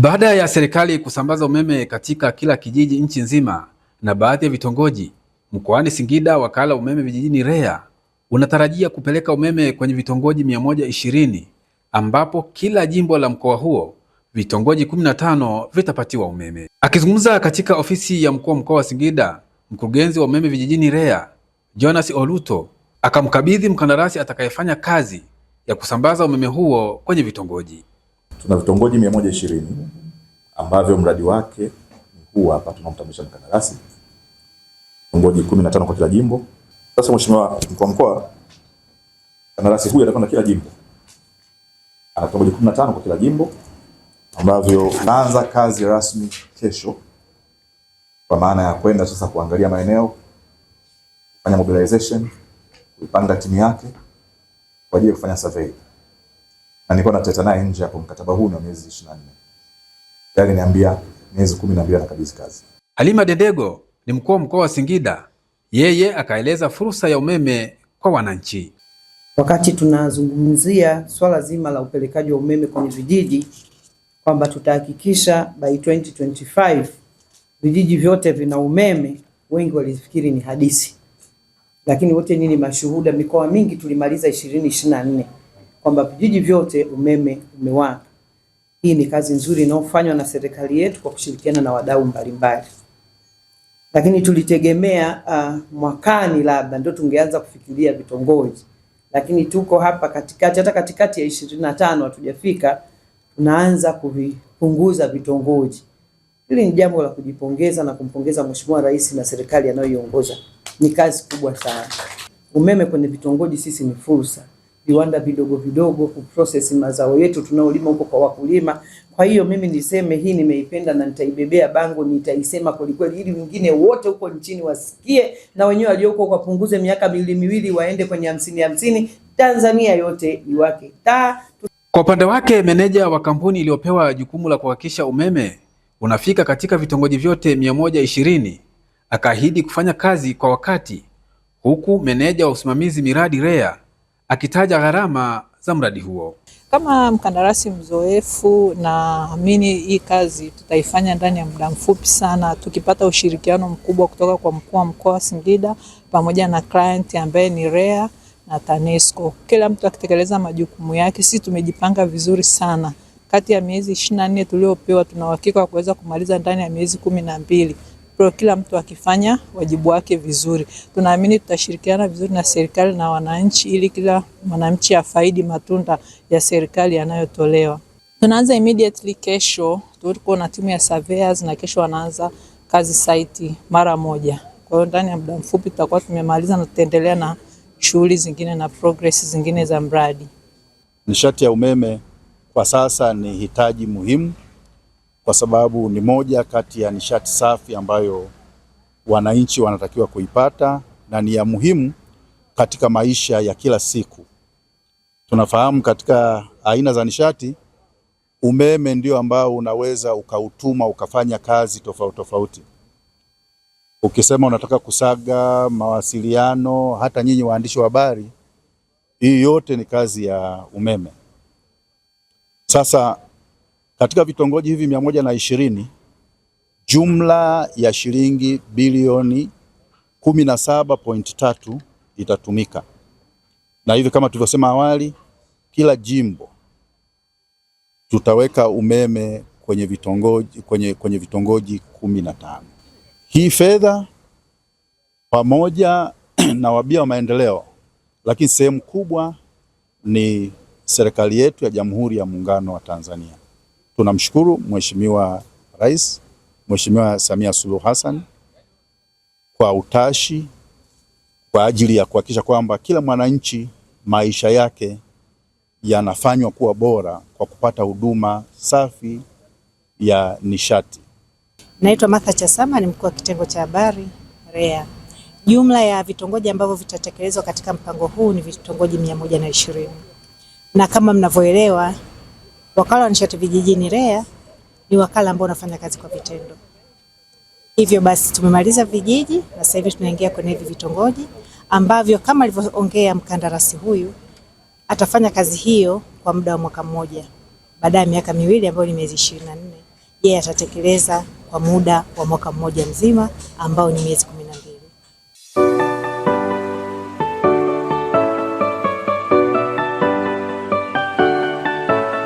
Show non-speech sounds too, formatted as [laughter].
Baada ya serikali kusambaza umeme katika kila kijiji nchi nzima na baadhi ya vitongoji, mkoani Singida wakala umeme vijijini REA unatarajia kupeleka umeme kwenye vitongoji 120 ambapo kila jimbo la mkoa huo vitongoji 15 vitapatiwa umeme. Akizungumza katika ofisi ya mkuu wa mkoa wa Singida, mkurugenzi wa umeme vijijini REA Jonas Oluto akamkabidhi mkandarasi atakayefanya kazi ya kusambaza umeme huo kwenye vitongoji tuna vitongoji mia moja ishirini ambavyo mradi wake huu hapa tunamtambulisha mkandarasi vitongoji kumi na tano kwa kila jimbo. Sasa Mheshimiwa mkuu wa mkoa, kandarasi huyu atakwenda kila jimbo, ana vitongoji 15 kwa kila jimbo ambavyo anaanza kazi rasmi kesho, kwa maana ya kwenda sasa kuangalia maeneo, kufanya mobilization, kuipanga timu yake kwa ajili ya kufanya survey na nilikuwa nateta naye nje hapo, mkataba huu na miezi 24. Yaani niambia miezi 12 kabisa kazi. Halima Dedego ni mkuu wa mkoa wa Singida. Yeye akaeleza fursa ya umeme kwa wananchi. Wakati tunazungumzia swala zima la upelekaji wa umeme kwenye vijiji kwamba tutahakikisha by 2025 vijiji vyote vina umeme, wengi walifikiri ni hadisi, lakini wote nini mashuhuda, mikoa mingi tulimaliza 2024 kwamba vijiji vyote umeme umewaka. Hii ni kazi nzuri inayofanywa na serikali yetu kwa kushirikiana na wadau mbalimbali, lakini tulitegemea uh, mwakani labda ndio tungeanza kufikiria vitongoji, lakini tuko hapa katikati, hata katikati ya ishirini na tano hatujafika, tunaanza kuvipunguza vitongoji. Hili ni jambo la kujipongeza na kumpongeza Mheshimiwa Rais na serikali anayoiongoza. Ni kazi kubwa sana. Umeme kwenye vitongoji sisi ni fursa viwanda vidogo vidogo kuprocess mazao yetu tunaolima huko kwa wakulima. Kwa hiyo mimi niseme hii nimeipenda na nitaibebea bango, nitaisema kwelikweli, ili wengine wote huko nchini wasikie na wenyewe walioko wapunguze miaka miwili miwili, waende kwenye hamsini hamsini, Tanzania yote iwake taa. Kwa upande wake, meneja wa kampuni iliyopewa jukumu la kuhakikisha umeme unafika katika vitongoji vyote 120 akaahidi kufanya kazi kwa wakati, huku meneja wa usimamizi miradi REA akitaja gharama za mradi huo. Kama mkandarasi mzoefu, naamini hii kazi tutaifanya ndani ya muda mfupi sana, tukipata ushirikiano mkubwa kutoka kwa mkuu wa mkoa wa Singida pamoja na client ambaye ni REA na TANESCO, kila mtu akitekeleza majukumu yake. Sisi tumejipanga vizuri sana, kati ya miezi ishirini na nne tuliopewa tuna uhakika wa kuweza kumaliza ndani ya miezi kumi na mbili kwa kila mtu akifanya wajibu wake vizuri, tunaamini tutashirikiana vizuri na serikali na wananchi, ili kila mwananchi afaidi matunda ya serikali yanayotolewa. Tunaanza immediately kesho, tuko na timu ya surveyors na kesho wanaanza kazi site mara moja. Kwa hiyo ndani ya muda mfupi tutakuwa tumemaliza na tutaendelea na shughuli zingine na progress zingine za mradi. Nishati ya umeme kwa sasa ni hitaji muhimu kwa sababu ni moja kati ya nishati safi ambayo wananchi wanatakiwa kuipata na ni ya muhimu katika maisha ya kila siku. Tunafahamu katika aina za nishati umeme ndio ambao unaweza ukautuma ukafanya kazi tofauti tofauti. Ukisema unataka kusaga mawasiliano, hata nyinyi waandishi wa habari, hii yote ni kazi ya umeme. Sasa katika vitongoji hivi mia moja na ishirini jumla ya shilingi bilioni 17.3 itatumika, na hivi kama tulivyosema awali, kila jimbo tutaweka umeme kwenye vitongoji, kwenye, kwenye vitongoji kumi na tano. Hii fedha pamoja [clears throat] na wabia wa maendeleo, lakini sehemu kubwa ni serikali yetu ya Jamhuri ya Muungano wa Tanzania. Tunamshukuru Mheshimiwa Rais Mheshimiwa Samia Suluhu Hassan kwa utashi kwa ajili ya kuhakikisha kwamba kila mwananchi maisha yake yanafanywa kuwa bora kwa kupata huduma safi ya nishati. Naitwa Martha Chasama, ni mkuu wa kitengo cha habari REA. Jumla ya vitongoji ambavyo vitatekelezwa katika mpango huu ni vitongoji mia moja na ishirini na kama mnavyoelewa Wakala wa nishati vijijini REA ni wakala ambao unafanya kazi kwa vitendo. Hivyo basi tumemaliza vijiji na sasa hivi tunaingia kwenye hivi vitongoji ambavyo kama alivyoongea mkandarasi huyu atafanya kazi hiyo kwa muda wa mwaka mmoja, baada ya miaka miwili ambayo ni miezi ishirini na nne yeye atatekeleza kwa muda wa mwaka mmoja mzima ambao ni miezi kumi na mbili.